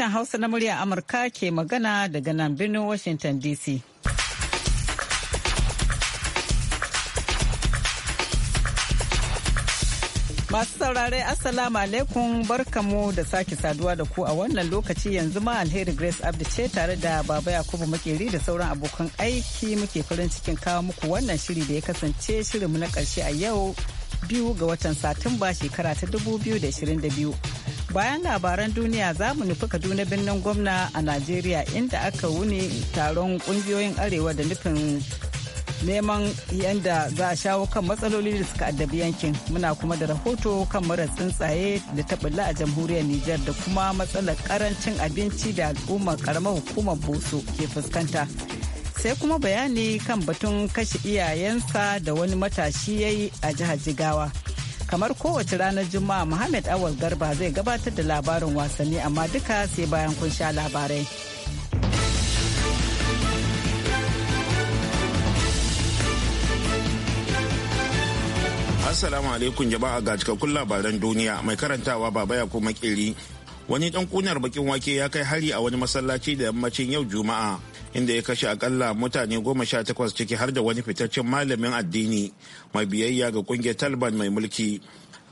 sashen Hausa na murya Amurka ke magana daga nan birnin Washington DC. Masu saurare Assalamu alaikum barkamu da sake saduwa da ku a wannan lokaci yanzu ma alheri Grace Abdi ce tare da Baba Yakubu Makeri da sauran abokan aiki muke farin cikin kawo muku wannan shiri da ya kasance shirinmu na karshe a yau biyu ga watan Satumba shekara ta 2022. bayan labaran duniya za mu nufi kaduna birnin gwamna a najeriya inda aka wuni taron kungiyoyin arewa da nufin neman yadda za a shawo kan matsaloli da suka addabi yankin muna kuma da rahoto kan mara tsuntsaye da taɓilla a jamhuriyar nijar da kuma matsalar karancin abinci da al'ummar karamar hukumar boso ke fuskanta sai kuma bayani kan batun kashe iyayensa da wani matashi ya yi a jihar jigawa kamar kowace ranar juma'a muhammad awal garba zai gabatar da labarin wasanni amma duka sai bayan kun sha labarai assalamu alaikum jama'a ga cikakkun labaran duniya mai karantawa baba ya kuma wani dan kunar bakin wake ya kai hari a wani masallaci da yammacin yau juma'a inda ya kashe akalla mutane goma sha takwas ciki har da wani fitaccen malamin addini mai biyayya ga kungiyar taliban mai mulki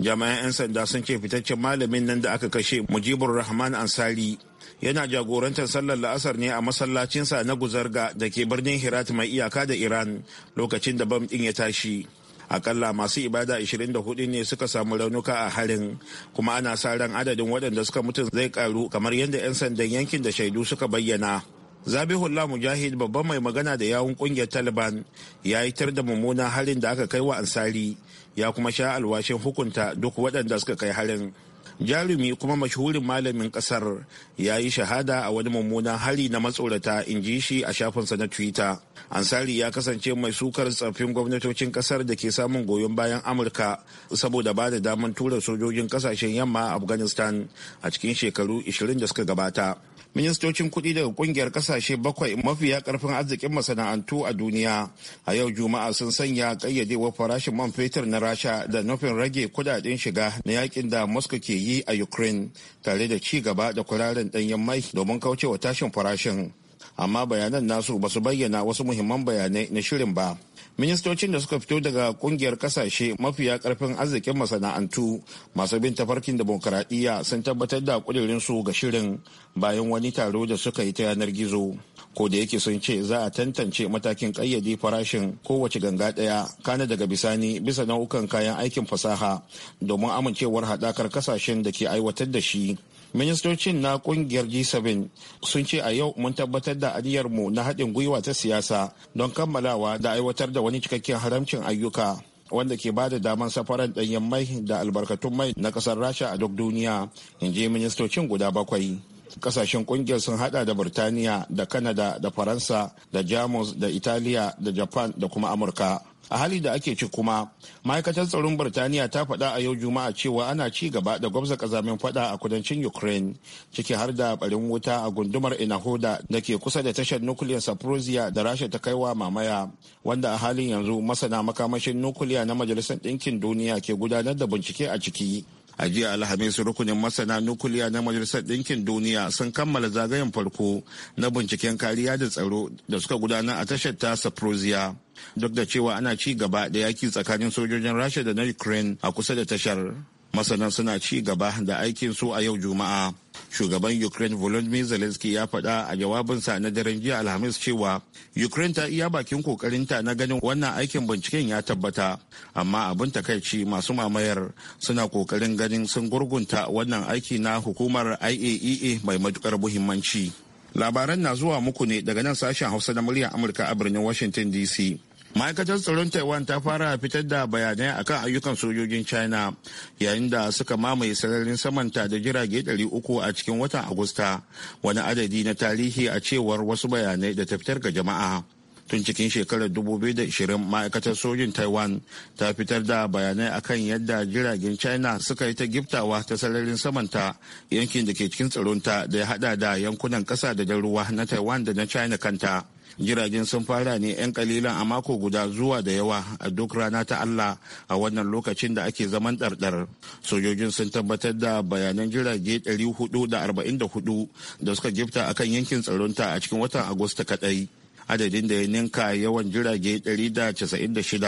jami'an 'yan sanda sun ce fitaccen malamin nan da aka kashe mujibur rahman ansari yana jagorantar sallar la'asar ne a masallacinsa na guzarga da ke birnin hirat mai iyaka da iran lokacin da bam din ya tashi akalla masu ibada 24 ne suka samu raunuka a harin kuma ana sa ran adadin waɗanda suka mutu zai karu kamar yadda 'yan sandan yankin da shaidu suka bayyana zabihullah mujahid babban mai magana da yawun kungiyar taliban ya yitar da mummunan harin da aka kai wa ansari ya kuma sha alwashin hukunta duk waɗanda suka kai harin jarumi kuma mashuhurin malamin ƙasar ya yi shahada a wani mummunan hari na matsorata in ji shi a shafinsa na twitter ansari ya kasance mai sukar tsaffin gwamnatocin ƙasar da ke samun goyon bayan amurka saboda ba da damar tura sojojin ƙasashen yamma a afghanistan a cikin shekaru 20 da suka gabata ministocin kuɗi daga kungiyar kasashe bakwai mafiya karfin arzikin masana'antu a duniya a yau juma'a sun sanya wa farashin man fetur na rasha da nufin rage kudaden shiga na yakin da moscow ke yi a ukraine tare da ci gaba da kuraren danyen mai domin kaucewa tashin farashin amma bayanan nasu ba su bayyana wasu muhimman bayanai na shirin ba ministocin da suka fito daga kungiyar kasashe mafiya karfin arzikin masana'antu masu bin tafarkin demokaradiyya sun tabbatar da su ga shirin bayan wani taro da suka yi ta yanar gizo ko da yake sun ce za a tantance matakin kayyade farashin kowace ganga daya kana daga bisani bisa nau'ukan kayan aikin fasaha domin amincewar haɗakar kasashen da ke aiwatar da shi ministocin na kungiyar g7 sun ce a yau mun tabbatar da aniyarmu na haɗin gwiwa ta siyasa don kammalawa da aiwatar da wani cikakken haramcin ayyuka wanda ke ba da damar safarar ɗanyen mai da albarkatun mai na ƙasar rasha a duk duniya in je ministocin guda bakwai ƙasashen kungiyar sun hada da birtaniya da kanada da faransa da jamus da italiya da japan da kuma amurka a hali da ake ci kuma ma'aikatar tsaron birtaniya ta faɗa a yau juma'a cewa ana ci gaba da gwamza kazamin faɗa a kudancin ukraine ciki har da barin wuta a gundumar inahoda da ke kusa da tashar nukiliyar saprosia da rasha ta kai wa mamaya wanda a halin yanzu masana makamashin nukiliya na majalisar ɗinkin duniya ke gudanar da bincike a ciki a jiya alhamis rukunin masana nukuliya na majalisar ɗinkin duniya sun kammala zagayen farko na binciken kariya da tsaro da suka gudana a tashar ta saprosia duk da cewa ana ci gaba da yaki tsakanin sojojin rasha da na ukraine a kusa da tashar masana suna ci gaba da aikin su a yau juma'a shugaban ukraine volodymyr zelensky ya faɗa a jawabinsa na daren jiya alhamis cewa ukraine ta iya bakin kokarinta na ganin wannan aikin binciken ya tabbata amma abin takaici masu mamayar suna kokarin ganin sun gurgunta wannan aiki na hukumar iaea e mai matukar muhimmanci labaran na zuwa muku ne daga nan sashen hausa na muryar amurka a birnin washington dc ma'aikatar tsaron taiwan ta fara fitar da bayanai akan ayyukan sojojin china yayin da suka mamaye sararin samanta da jirage 300 a cikin watan agusta wani adadi na tarihi a cewar wasu bayanai da ta fitar ga jama'a tun cikin shekarar 2020 ma'aikatar sojin taiwan ta fitar da bayanai akan yadda jiragen china suka yi ta giftawa ta sararin samanta yankin da ke cikin tsaronta da ya hada da yankunan kasa da ruwa na taiwan da na china kanta jiragen sun fara ne 'yan kalilan a mako guda zuwa da yawa a duk rana ta allah a wannan lokacin da ake zaman ɗarɗar sojojin sun tabbatar da bayanan jirage 444 da suka jifta kan yankin tsaronta a cikin watan agusta kadai adadin da ya ninka yawan jirage 196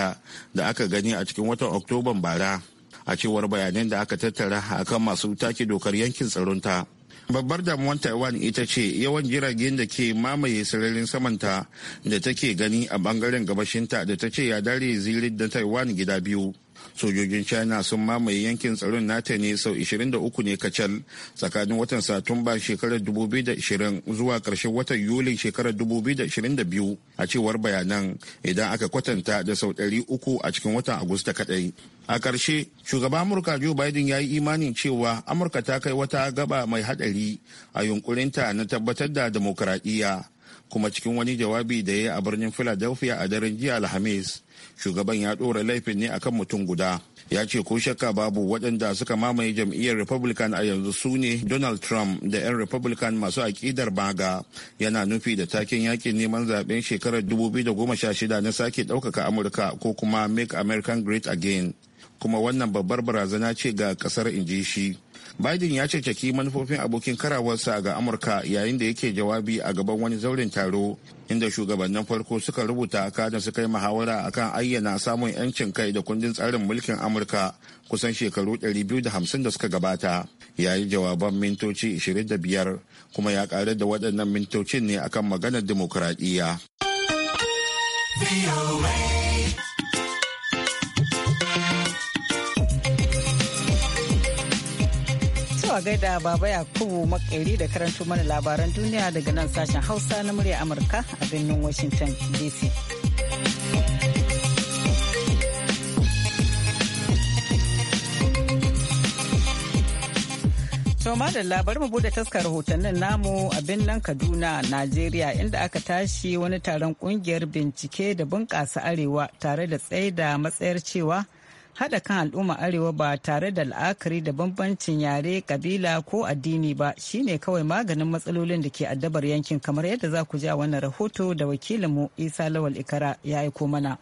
da aka gani a cikin watan oktoban bara a cewar bayanan da aka tattara akan masu take dokar yankin tsaronta. babbar damuwar taiwan ita ce yawan jiragen da ke mamaye sararin samanta da take gani a bangaren gabashinta da ta ce ya dare zirin da taiwan gida biyu sojojin china sun mamaye yankin tsaron nata ne sau 23 ne kacal tsakanin watan satumba shekarar 2020 zuwa karshen watan yulin shekarar 2022 a cewar bayanan idan aka kwatanta da sau 300 a cikin watan agusta kadai a karshe shugaban amurka joe biden ya yi imanin cewa amurka ta kai wata gaba mai haɗari a yunkurinta na tabbatar da demokuraɗiyya kuma cikin wani jawabi da ya yi a birnin philadelphia a daren jiya alhamis shugaban ya ɗora laifin ne akan mutum guda ya ce ko shakka babu waɗanda suka mamaye jam'iyyar republican a yanzu su ne donald trump da 'yan republican masu aƙidar maga. yana nufi da takin yakin neman zaben shekarar 2016 na sake ɗaukaka amurka ko kuma make american great again kuma wannan babbar barazana ce ga ƙasar inji shi biden ya cancaki manufofin abokin karawarsa ga amurka yayin da yake jawabi a gaban wani zauren taro inda shugabannin farko suka rubuta kada suka yi muhawara akan ayyana samun 'yancin kai da kundin tsarin mulkin amurka kusan shekaru 250 da suka gabata ya yi jawaban mintoci 25 kuma ya karar da waɗannan mintocin ne akan maganar dimokuraɗiyya. a gaida baba yakubu makeri da karanto mana labaran duniya daga nan sashen hausa na murya amurka a birnin washington dc To da labarin mu bude taskar rahotannin namu a nan Kaduna, Najeriya inda aka tashi wani taron kungiyar bincike da bunƙasa arewa tare da tsaida matsayar cewa haɗa kan al'umma arewa ba tare da la'akari da bambancin yare kabila ko addini ba shine kawai maganin matsalolin da ke addabar yankin kamar yadda za ku ja wannan rahoto da wakilinmu isa lawal ikara ya aiko mana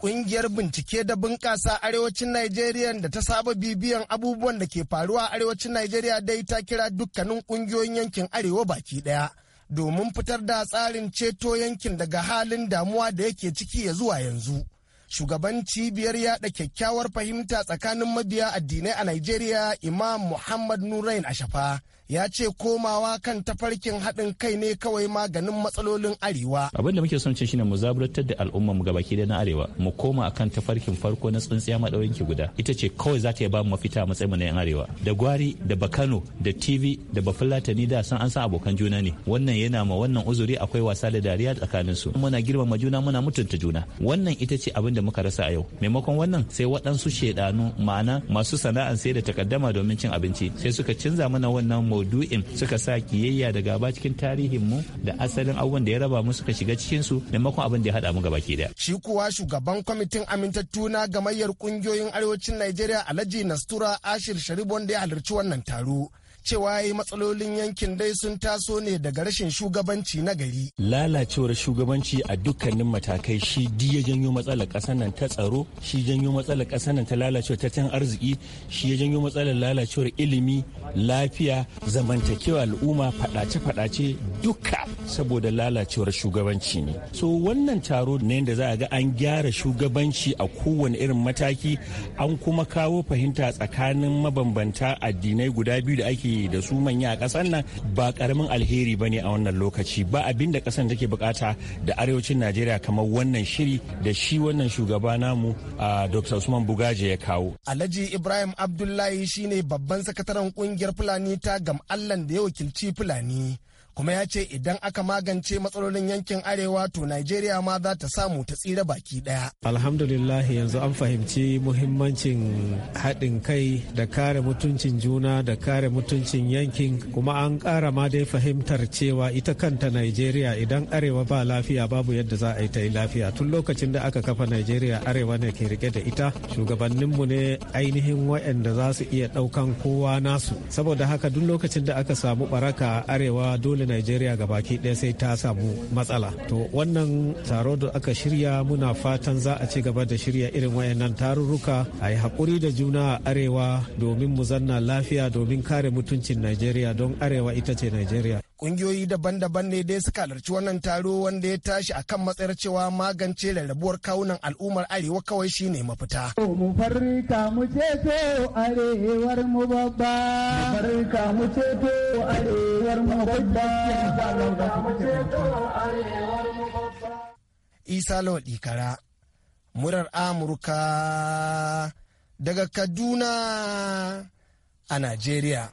Ƙungiyar bincike da bunƙasa arewacin Najeriya da ta saba bibiyan abubuwan da ke faruwa arewacin Najeriya dai ta kira dukkanin ƙungiyoyin yankin arewa baki ɗaya. domin fitar da tsarin ceto yankin daga halin damuwa da yake ciki ya zuwa yanzu. shugaban cibiyar yada kyakkyawar fahimta tsakanin mabiya addinai a Najeriya Imam Muhammad Nurain Ashafa ya ce komawa kan tafarkin haɗin kai ne kawai maganin matsalolin arewa. Abin da muke son ce shine mu zaburantar da al'umma mu gabaki da na arewa mu koma akan tafarkin farko na tsintsiya maɗaurin guda ita ce kawai za ta ba mu mafita matsayin mu na yan arewa da gwari da bakano da tv da bafulatani da san an san abokan juna ne wannan yana ma wannan uzuri akwai wasa da dariya tsakanin su muna girmama juna muna mutunta juna wannan ita ce abin da muka rasa a yau maimakon wannan sai waɗansu shedanu ma'ana masu sana'an sai da takaddama domin cin abinci sai suka canza mana wannan maudu'in suka sa kiyayya da gaba cikin tarihin mu da asalin abubuwan da ya raba mu suka shiga cikin su da makon abin da ya hada mu gaba ke shi kuwa shugaban kwamitin amintattu na gamayyar kungiyoyin arewacin Najeriya Alhaji Nastura Ashir Sharif wanda ya halarci wannan taro cewa yi matsalolin yankin dai sun taso ne daga rashin shugabanci na gari. Lalacewar shugabanci a dukkanin matakai shi di janyo matsalar ƙasar nan ta tsaro, shi janyo matsalar ƙasar nan ta lalacewar tattalin arziki, shi ya janyo matsalar lalacewar ilimi, lafiya, zamantakewa al'umma, faɗace-faɗace duka saboda lalacewar shugabanci ne. So wannan taro ne da za a ga an gyara shugabanci a kowane irin mataki an kuma kawo fahimta tsakanin mabambanta addinai guda biyu da ake aiki da su manya a ƙasar nan ba karamin alheri ba ne a wannan lokaci ba abin da ƙasar take bukata da arewacin najeriya kamar wannan shiri da shi wannan shugaba namu a dr usman bugaje ya kawo alhaji ibrahim abdullahi shine babban sakataren kungiyar fulani ta gam allan da ya wakilci fulani kuma ya ce idan aka magance matsalolin yankin arewa to Najeriya ma za ta samu ta tsira baki daya. Alhamdulillah yanzu an fahimci muhimmancin haɗin kai da kare mutuncin juna da kare mutuncin yankin kuma an ƙara ma dai fahimtar cewa ita kanta Najeriya idan arewa ba lafiya babu yadda za a yi ta yi lafiya tun lokacin da aka kafa Najeriya arewa ne ke rike da ita shugabanninmu ne ainihin waɗanda za su iya ɗaukan kowa nasu saboda haka duk lokacin da aka samu baraka arewa dole najeriya baki ɗaya sai ta samu matsala to wannan taro da aka shirya muna fatan za a ci gaba da shirya irin wayannan tarurruka a yi haƙuri da juna a arewa domin mu zanna lafiya domin kare mutuncin najeriya don arewa ita ce najeriya Ƙungiyoyi daban-daban ne dai suka halarci wannan taro wanda ya tashi a kan matsayar cewa magance rarrabuwar kawunan al'ummar Arewa kawai shi ne mafita. Mu farka mu ceto arewar mu babba. Mu farka mu ceto arewar arewar mu babba. Isa murar Amurka daga Kaduna a Najeriya.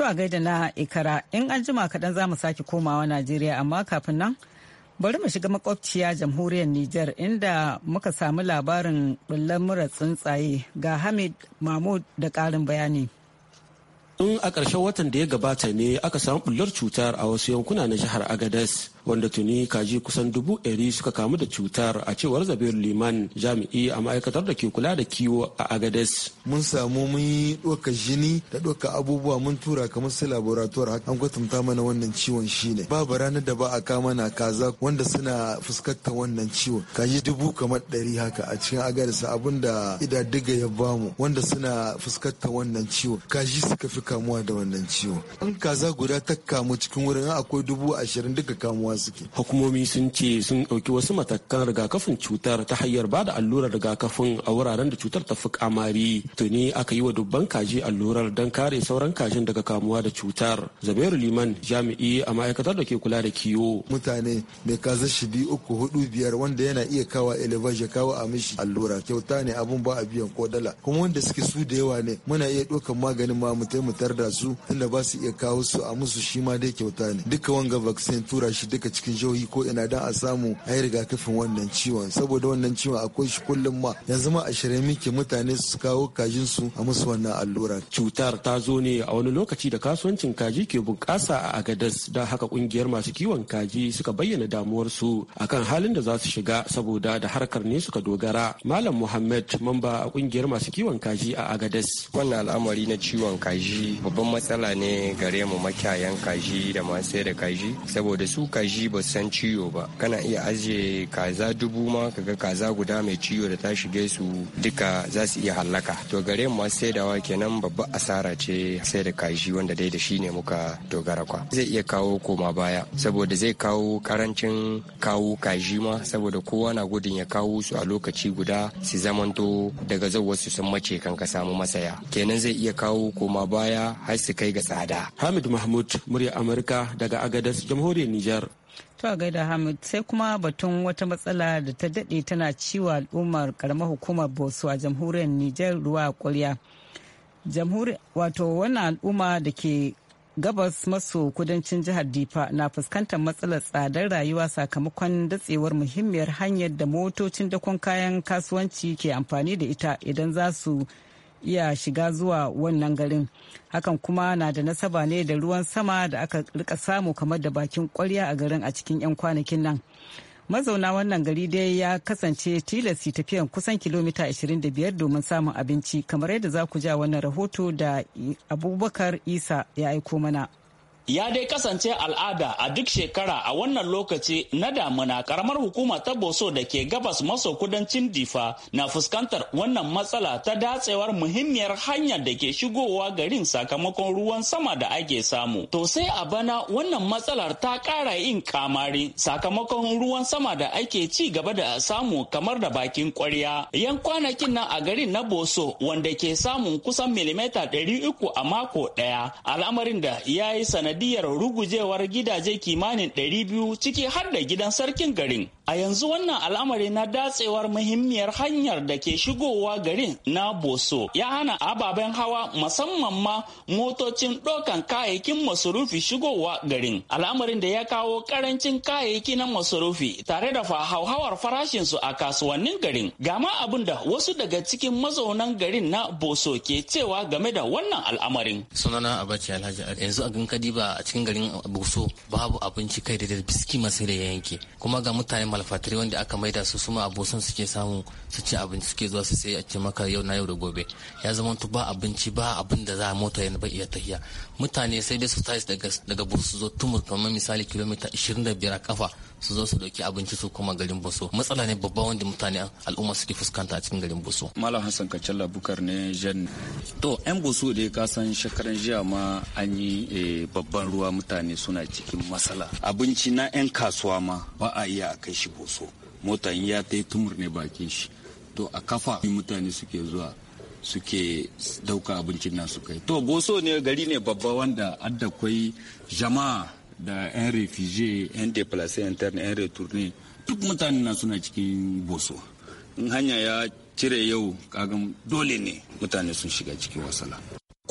To a gaida na ikara in an jima kaɗan za mu sake komawa Najeriya amma kafin nan bari mu shiga makwabciya jamhuriyar Nijar inda muka samu labarin bullar mura tsuntsaye ga Hamid Mahmud da ƙarin bayani. In a ƙarshen watan da ya gabata ne aka samu bullar cutar a wasu yankuna na jihar Agadez. wanda tuni kaji kusan dubu ɗari suka kamu da cutar a cewar zabiru liman jami'i a ma'aikatar da ke kula da kiwo a agades mun samu mun yi ɗauka jini da ɗauka abubuwa mun tura kamar su haka. an kwatanta mana wannan ciwon shine babu ranar da ba a kama na kaza wanda suna fuskantar wannan ciwon kaji dubu kamar ɗari haka a cikin agades abinda da ya bamu wanda suna fuskantar wannan ciwo kaji suka fi kamuwa da wannan ciwo an kaza guda ta kamu cikin wurin akwai dubu ashirin duka kamuwa kamuwa suke hukumomi sun ce sun ɗauki wasu matakan rigakafin cutar ta hanyar ba da allurar rigakafin a wuraren da cutar ta fi kamari tuni aka yi wa dubban kaji allurar don kare sauran kajin daga kamuwa da cutar zubairu liman jami'i a ma'aikatar da ke kula da kiwo mutane mai kaza shidi uku hudu biyar wanda yana iya kawa elevage kawo a mishi allura kyauta ne abun ba a biyan ko dala kuma wanda suke su da yawa ne muna iya ɗaukan maganin ma mu taimutar da su tunda ba su iya kawo su a musu shi ma dai kyauta ne duka wanga vaccine tura shi duk daga cikin jihohi ko ina don a samu a yi rigakafin wannan ciwon saboda wannan ciwon akwai shi kullum ma yanzu ma a shirya muke mutane su kawo kajin su a musu wannan allura. Cutar ta zo ne a wani lokaci da kasuwancin kaji ke bunƙasa a Agadas don haka kungiyar masu kiwon kaji suka bayyana damuwarsu akan halin da za su shiga saboda da harkar ne suka dogara. Malam Muhammad mamba a kungiyar masu kiwon kaji a Agadas. Wannan al'amari na ciwon kaji babban matsala ne gare mu makiyayan kaji da masu da kaji saboda su kaji shi ba san ciwo ba kana iya ajiye kaza dubu ma kaga kaza guda mai ciwo da ta shige su duka za su iya hallaka to gare mu masu saidawa kenan babba asara ce sai da kaji wanda dai da shi ne muka dogara kwa zai iya kawo koma baya saboda zai kawo karancin kawo kaji ma saboda kowa na gudun ya kawo su a lokaci guda su zamanto daga zau su sun mace kan ka samu masaya kenan zai iya kawo koma baya har su kai ga tsada hamid mahmud murya amurka daga agadas jamhuriyar nijar To gaida Hamid sai kuma batun wata matsala da ta daɗe tana ciwa al'ummar karamar hukumar Bosu a jamhuriyar Nijar ruwa ƙwarya. Wato wannan al'umma da ke gabas maso kudancin jihar Difa na fuskantar matsalar tsadar rayuwa sakamakon datsewar muhimmiyar hanyar da motocin dakon kayan kasuwanci ke amfani da ita idan za su iya shiga zuwa wannan garin hakan kuma na da nasaba ne da ruwan sama da aka rika samu kamar da bakin kwarya a garin a cikin 'yan kwanakin nan mazauna wannan gari dai ya kasance tilasi tafiyan kusan kilomita 25 domin samun abinci kamar yadda za ku ja wannan rahoto da abubakar isa ya aiko mana ya dai kasance al'ada a duk shekara a wannan lokaci na damuna karamar hukuma ta boso da ke gabas maso kudancin difa na fuskantar wannan matsala ta datsewar muhimmiyar hanyar da ke shigowa garin sakamakon ruwan sama da ake samu to sai a bana wannan matsalar ta kara yin kamari sakamakon ruwan sama da ake ci gaba da samu kamar da bakin kwarya yan kwanakin nan a garin na boso wanda ke samun kusan milimita 300 a mako daya al'amarin da ya yi sanadi sanadiyar rugujewar gidaje kimanin 200 ciki har da gidan sarkin garin. A yanzu wannan al'amari na datsewar muhimmiyar hanyar da ke shigowa garin na Boso ya hana ababen hawa musamman ma motocin ɗaukan kayayyakin masarufi shigowa garin. Al'amarin da ya kawo karancin kayayyaki na masarufi tare da hauhawar farashinsu a kasuwannin garin. Gama abin da wasu daga cikin mazaunan garin na Boso ke cewa game da wannan al'amarin. Sunana Abacha Alhaji yanzu a Gankadi diba a cikin garin Buso babu abinci kai da biski masu da yanke kuma ga mutane malfatari wanda aka maida su suma abosan suke samu su ci abinci suke zuwa su sai a ce maka yau na yau da gobe ya zama ba abinci ba abin da za a mota yana ba iya tahiya mutane sai dai su tashi daga su zo tumur kamar misali kilomita 25 a kafa su zo su dauki abinci su kuma garin boso matsala ne babba wanda mutane al'umma suke fuskanta a cikin garin boso malam hassan kacalla bukar ne jan to yan boso da ya kasan shekaran jiya ma an yi eh, babban ruwa mutane suna cikin matsala abinci na yan kasuwa ma ba a iya a kai shi boso mota ya ta yi tumur ne bakin shi to a kafa mutane suke zuwa suke dauka abincin nan su kai to boso ne gari ne babba wanda adda kwai jama'a da 'yan refugee 'yan deplacer interne 'yan retourne duk mutane na suna cikin boso in hanya ya cire yau kagan dole ne mutane sun shiga cikin wasala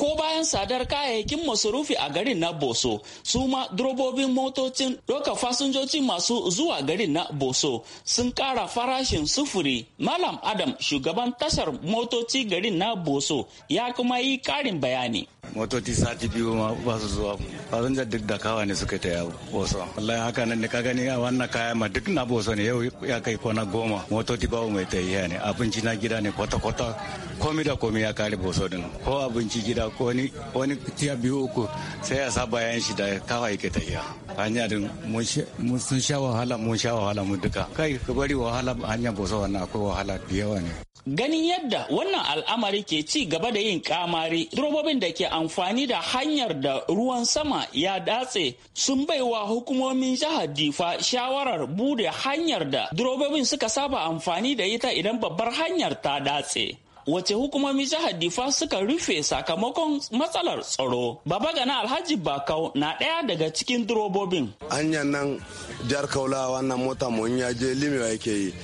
ko bayan sadar kayayyakin masarufi a garin na boso su ma durobobin motocin doka fasinjoci masu zuwa garin na boso sun kara farashin sufuri malam adam shugaban tashar motoci garin na boso ya kuma yi karin bayani motoci sati biyu ma ba su zuwa fasinjar duk da kawa ne suka ta yawo boso wallahi haka nan ne ka gani a wannan kaya ma duk na boso ne yau ya kai kwana goma motoci babu mai tayiya ne abinci na gida ne kwata-kwata komi da komi ya kare boso din ko abinci gida ko wani wani tiya biyu uku sai ya sa bayan shi da kawai ke tafiya hanya din mun sun sha wahala mun sha wahala mu duka kai ka bari wahala hanya bosa wannan akwai wahala da yawa ne Ganin yadda wannan al'amari ke ci gaba da yin kamari, robobin da ke amfani da hanyar da ruwan sama ya datse sun baiwa hukumomin jihar Difa shawarar bude hanyar da robobin suka saba amfani da ita idan babbar hanyar ta datse. wace hukumomi jihar Difa suka rufe sakamakon matsalar tsaro. Baba Gana Alhaji Bakau na ɗaya daga cikin durobobin. Hanyar nan jihar Kaula wannan mota mun ya je limewa yake yi.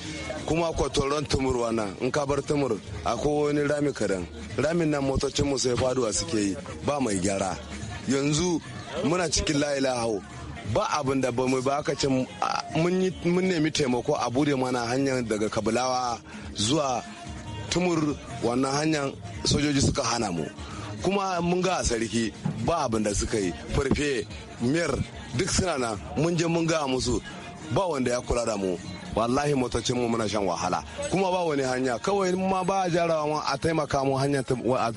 Kuma ko ran tumur wana in ka bar tumur akwai wani rami karen. Ramin nan motocinmu sai faduwa suke yi ba mai gyara. Yanzu muna cikin la'ilahau ba abin da ba mu ba aka ce mun nemi taimako a bude mana hanyar daga kabulawa zuwa tumur wannan hanyar sojoji suka hana mu kuma mun ga a sarki ba abin da suka yi farfe miyar duk suna nan mun je mun ga musu ba wanda ya kula da mu wallahi motocin mu muna shan wahala kuma ba wani hanya kawai ma ba jarawa a taimaka mu hanya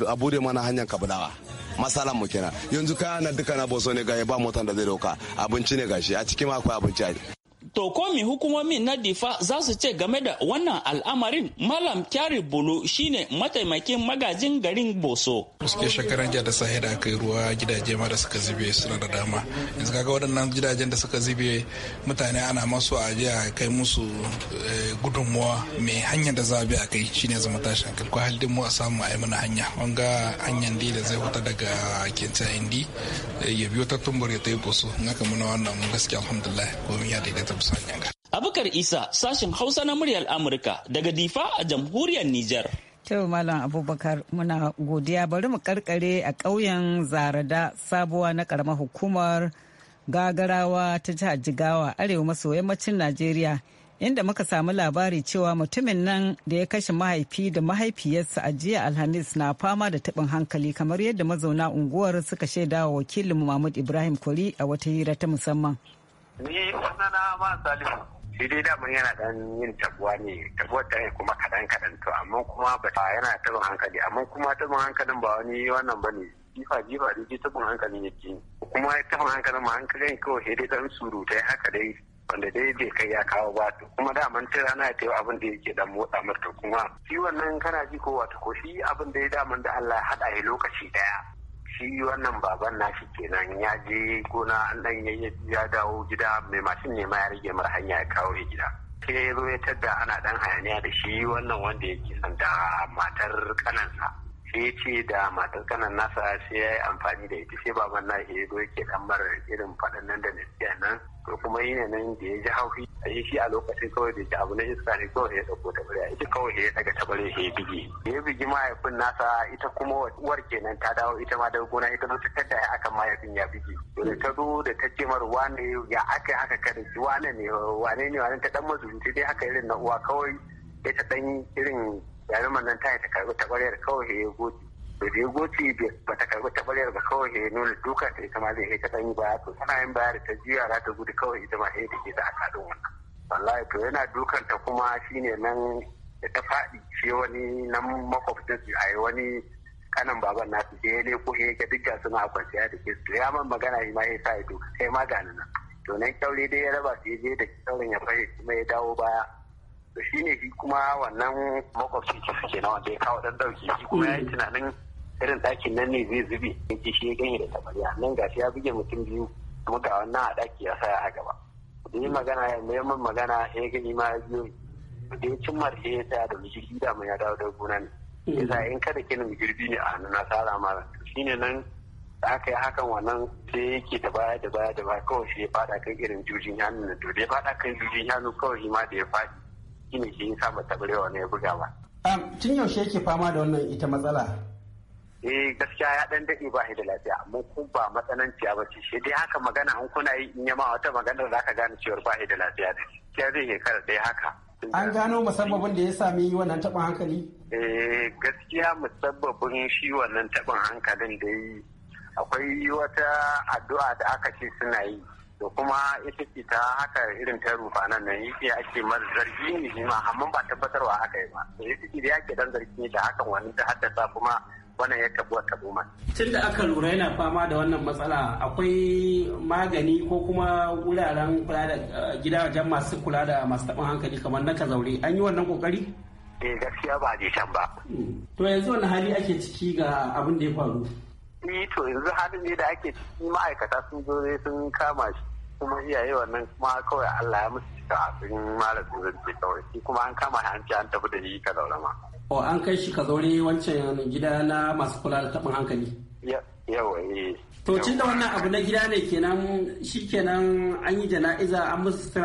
a bude mana hanyar kabudawa masalan mu kenan yanzu kaya duka na boso ne ga ba motan da zai dauka abinci ne gashi a cikin akwai abinci To ko mi hukumomin na difa za su ce game da wannan al'amarin Malam Kyari Bulu shine mataimakin magajin garin Boso. Suke shekaran jiya da sahi da aka yi ruwa gidaje ma da suka zube suna da dama. Yanzu kaga waɗannan gidajen da suka zube mutane ana masu ajiya kai musu eh, gudunmuwa mai hanyar da za a bi a kai shine zama tashin hankali. Ko halin mu a samu a yi mana hanya. ga hanyar di da zai wuta daga Kenta Indi eh, ya biyo ta tumbur ya ta yi Boso. In kamuna wannan gaskiya alhamdulillah komai ya daidaita Abubakar Isa sashen Hausa na muryar Amurka daga Difa a jamhuriyar Nijar. Kyau Malam Abubakar muna godiya bari mu karkare a ƙauyen Zarada sabuwa na ƙaramar hukumar gagarawa ta jihar Jigawa arewa maso yammacin Najeriya inda muka samu labari cewa mutumin nan da ya kashe mahaifi da mahaifiyarsa a jiya Alhamis na fama da taɓin hankali kamar yadda mazauna unguwar suka shaidawa wakilin Muhammad Ibrahim Kori a wata hira ta musamman. Ni na ma salihu Shi dai daman yana dan yin tabuwa ne, tabuwar ta kuma kadan kadan to amma kuma ba yana tabin hankali amma kuma tabin hankalin ba wani wannan ba ne. jifa jifa da ke tabin hankali ne ke kuma ya tabin hankalin ma hankalin kawai sai dai dan surutai haka dai wanda dai bai kai ya kawo ba to kuma da man tira na ta abin da yake dan motsa mata kuma shi wannan kana ji ko wata ko shi abin da ya daman da Allah ya hada ya lokaci daya shi wannan baban na shi kenan ya je gona an dan ya dawo gida mai mashin ne ma ya rage mara hanya ya kawo ya gida sai ya zo ya tadda ana dan hayaniya da shi wannan wanda yake son da matar kanansa sai ya ce da matar kanan nasa sai ya yi amfani da ita sai baban na ya zo yake dan mara irin faɗan nan da nasiya nan to kuma yi nan da ya ji haufi a yi shi a lokacin kawai da abu na iska ne kawai ya ɗauko ta a ita kawai ya daga ta bari ya bigi ya bigi mahaifin nasa ita kuma uwar kenan ta dawo ita ma daga gona ita zata ta kada ya aka mahaifin ya bigi to da ta zo da ta ce mara wane ya aka haka kada ki wane ne wane ne wane ta dan mazuri dai haka irin na uwa kawai ita dan irin yarin nan ta yi ta karbi tabariyar kawai ya goce da ya goce ba ta karbi tabariyar ba kawai ya nuna duka ta ita ma zai ta ɗan yi baya to tana yin baya da ta juya za ta gudu kawai ita ma sai da ke a kaɗin wannan wallahi to yana dukan ta kuma shine nan da ta faɗi ce wani nan makwabcin a yi wani kanan baban nasu je ya leko ya ga dukkan suna kwanciya da ke to ya man magana shi ma ya sa duka kai ma ga nan to nan kyaure dai ya raba su ya je da kyaurin ya fahimci kuma ya dawo baya da shi ne kuma wannan makwabci ke suke na wanda ya kawo dan dauki shi kuma ya yi tunanin irin ɗakin nan ne zai zube in ji shi ya ganye da tabariya nan gashi ya buge mutum biyu kuma ga wannan a ɗaki ya saya a gaba da yi magana ya mai min magana ya gani ma ya biyo da ya cin mara ya saya da mijirgi da mai ya dawo da gona ne ya sa in kada kini mijirgi ne a hannun na ma mara shi ne nan da aka yi hakan wannan sai yake da baya da baya da baya kawai shi ya fada kan irin jujin hannu to da ya fada kan jujin hannu kawai shi ma da ya fadi shine shi ya samu tabarewa ne ya buga ba. tun yaushe yake fama da wannan ita matsala? eh gaskiya ya dan daɗe ba da lafiya amma kun ba matsananciya ba ce shi dai haka magana an kuna yi in yama wata maganar za ka gane cewar ba da lafiya ne Ya zai shekara ɗaya haka. an gano musabbabin da ya sami yi wannan taɓin hankali? eh gaskiya musabbabin shi wannan taɓin hankalin da yi akwai wata addu'a da aka ce suna yi da kuma ita ce ta haka irin ta rufa nan nan yake ake mar zargi ne ma amma ba tabbatarwa haka yi ba to yake da yake dan zargi da hakan wani ta haddasa kuma wannan ya tabo tabo man tun da aka lura yana fama da wannan matsala akwai magani ko kuma wuraren kula da eh, gidajen masu kula da masu taɓin hankali kamar na kazaure an yi wannan kokari eh gaskiya ba je can ba hmm. to yanzu wani hali ake ciki ga abin da ya faru ni eh, to yanzu halin ne da ake ciki ma'aikata sun zo sun kama shi kuma iyaye wannan kuma kawai Allah ya musu cika abin mara zance kawai shi kuma an kama hanci an tafi da shi ka zaure ma. O an kai shi ka zaure wancan gida na masu kula da taɓin hankali. Yawa eh. To cin da wannan abu na gida ne kenan shi kenan an yi jana'iza an musu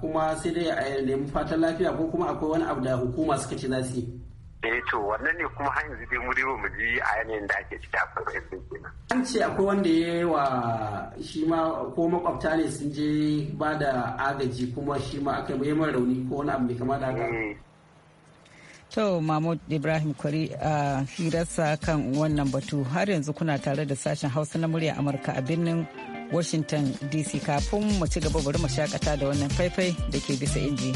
kuma sai dai a nemi fatan lafiya ko kuma akwai wani abu da hukuma suka ci za su yi. eh to wannan ne kuma hanyar zube mu mu ji a yanayin da ake ciki a kenan an ce akwai wanda ya yi wa shi ma ko makwabta ne sun je ba da agaji kuma shi ma aka yi mai rauni ko wani abu mai kama da haka eh. To Mahmud Ibrahim Kwari a hirarsa kan wannan batu har yanzu kuna tare da sashen Hausa na murya Amurka a birnin Washington DC kafin mu ci gaba bari mu shakata da wannan faifai da ke bisa inji.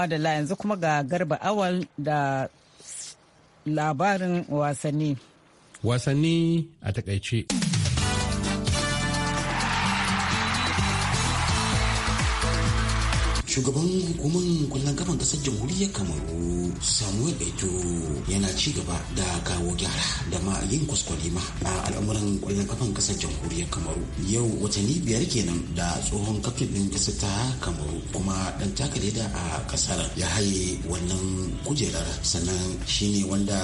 madalla yanzu kuma ga garba awal da labarin wasanni. Wasanni a takaice. shugaban hukumar kwallon kafan kasar jamhuriyar kamaru samuel eto yana ci gaba da kawo gyara da ma yin ma. na al'amuran kwallon kafan kasar jamhuriyar kamaru yau watanni biyar kenan da tsohon kaftin din kasar ta kamaru kuma dan taka leda a kasar ya haye wannan kujerar sannan shine wanda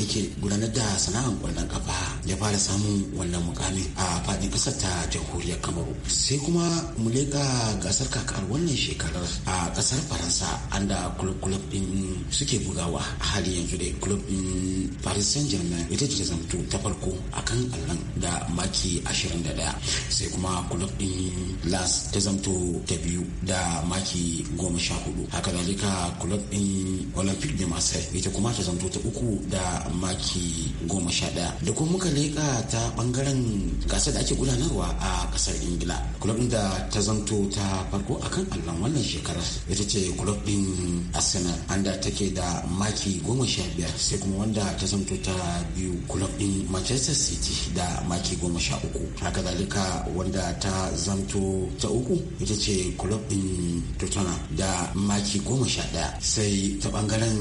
yake gudanar da sana'ar kwallon kafa ya fara samun wannan mukami a fadin kasar ta jamhuriyar kamaru sai kuma mu leƙa gasar kakar wannan shekarar a kasar faransa an da kulub din suke bugawa a hali yanzu dai kulub din paris saint germain ita ce zamtu ta farko akan allon da maki 21 sai kuma kulub din las ta zamto ta biyu da maki 14 haka zalika kulub din olympic de marseille ita kuma ta zamto ta uku da maki 11 da kuma muka leka ta bangaren gasar da ake gudanarwa a kasar ingila kulub in da ta zamto ta farko akan allon wannan shekara ita ce club din arsenal anda take da maki goma sha biyar sai kuma wanda ta zanto ta biyu club din manchester city da maki goma sha uku haka zalika wanda ta zanto ta uku ita ce club din tottenham da maki goma sha daya sai ta bangaren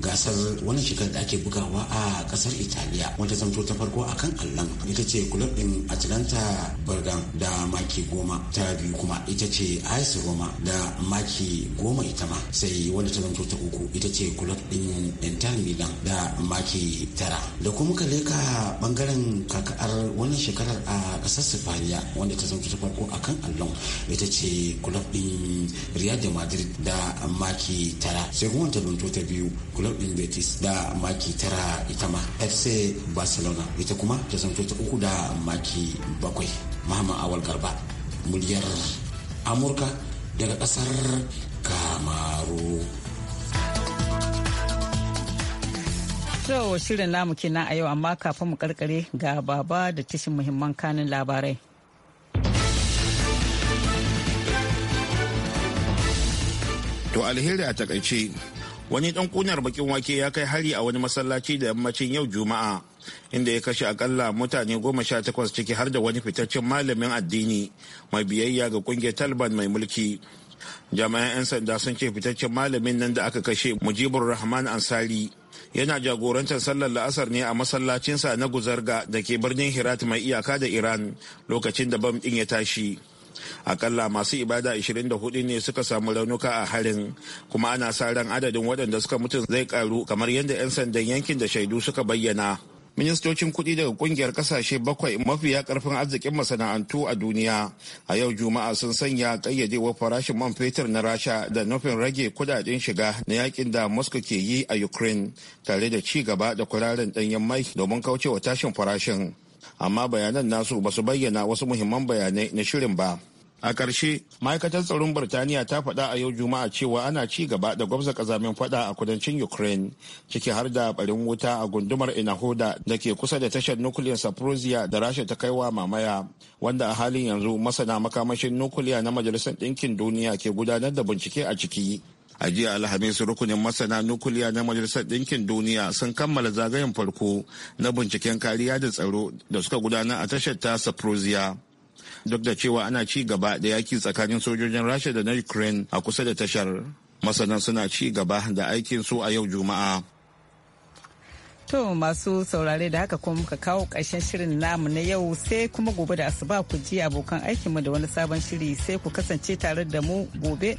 gasar wannan shekarar da ake bugawa a kasar italiya wanda zanto ta farko a kan allon ita ce club din atlanta bergam da maki goma ta biyu kuma ita ce ice roma da maki goma ita ma sai wanda ta zamto ta uku ita ce kulot din inter milan da maki tara da kuma ka leka bangaren kakar wannan shekarar a kasar sifaniya wanda ta zanto ta farko kan allon ita ce kulob din real de madrid da maki tara sai kuma ta zanto ta biyu kulot din betis da maki tara ita ma fc barcelona ita kuma ta zamto ta uku da maki bakwai mahama awal garba muliyar amurka daga kasar kamaru so shirin namu kenan a yau amma kafin mu karkare ga baba da tashin muhimman kanin labarai to alheri a takaice wani dan kunar bakin wake ya kai hari a wani masallaci da yammacin yau juma'a inda ya kashe akalla mutane goma sha takwas ciki har da wani fitaccen malamin addini mai biyayya ga kungiyar taliban mai mulki jami'an 'yan sanda sun ce fitaccen malamin nan da aka kashe mujibur rahman ansari yana jagorantar sallar la'asar ne a masallacinsa na guzarga da ke birnin hirat mai iyaka da iran lokacin da bam din ya tashi akalla masu ibada 24 ne suka samu raunuka a harin kuma ana sa ran adadin waɗanda suka mutu zai karu kamar yadda 'yan sandan yankin da shaidu suka bayyana ministocin kuɗi daga kungiyar ƙasashe bakwai mafiya karfin arzikin masana'antu a duniya a yau juma'a sun sanya ƙayyadewar farashin man fetur na rasha da nufin rage kudaden shiga na yakin da moscow ke yi a ukraine tare da ci gaba da kuraren ɗanyen mai domin kaucewa tashin farashin amma bayanan nasu ba su bayyana wasu muhimman bayanai na shirin ba a ƙarshe ma'aikatar tsaron birtaniya ta faɗa a yau juma'a cewa ana ci gaba da gwamza ƙazamin faɗa a kudancin ukraine ciki har da barin wuta a gundumar inahoda da ke kusa da tashar nukiliyar saprosia da rasha ta kaiwa mamaya wanda a halin yanzu masana makamashin nukuliya na majalisar ɗinkin duniya ke gudanar da bincike a ciki a jiya alhamis rukunin masana nukuliya na majalisar ɗinkin duniya sun kammala zagayen farko na binciken kariya da tsaro da suka gudana a tashar ta saprosia duk da cewa ana ci gaba da yaki tsakanin sojojin rasha da na ukraine a kusa da tashar masana suna ci gaba da aikin su a yau juma'a To masu saurare da haka kuma muka kawo karshen shirin namu na yau sai kuma gobe da asuba ku ji abokan aikinmu da wani sabon shiri sai ku kasance tare da mu gobe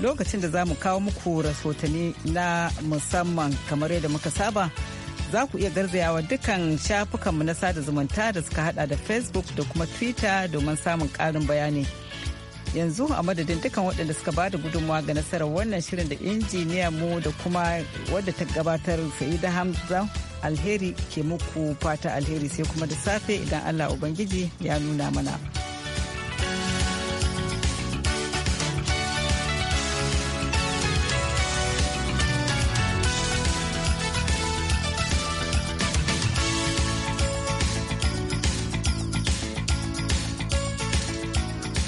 lokacin da za mu kawo muku rahotanni na musamman kamar yadda muka saba. za ku iya garzayawa dukkan shafukanmu na sada zumunta da suka hada da facebook da kuma twitter domin samun karin bayani yanzu a madadin dukkan waɗanda suka bada gudunmawa ga nasarar wannan shirin da injiniya mu da kuma wadda ta gabatar sa'ida hamza alheri ke muku fata alheri sai kuma da safe idan allah ubangiji ya nuna mana.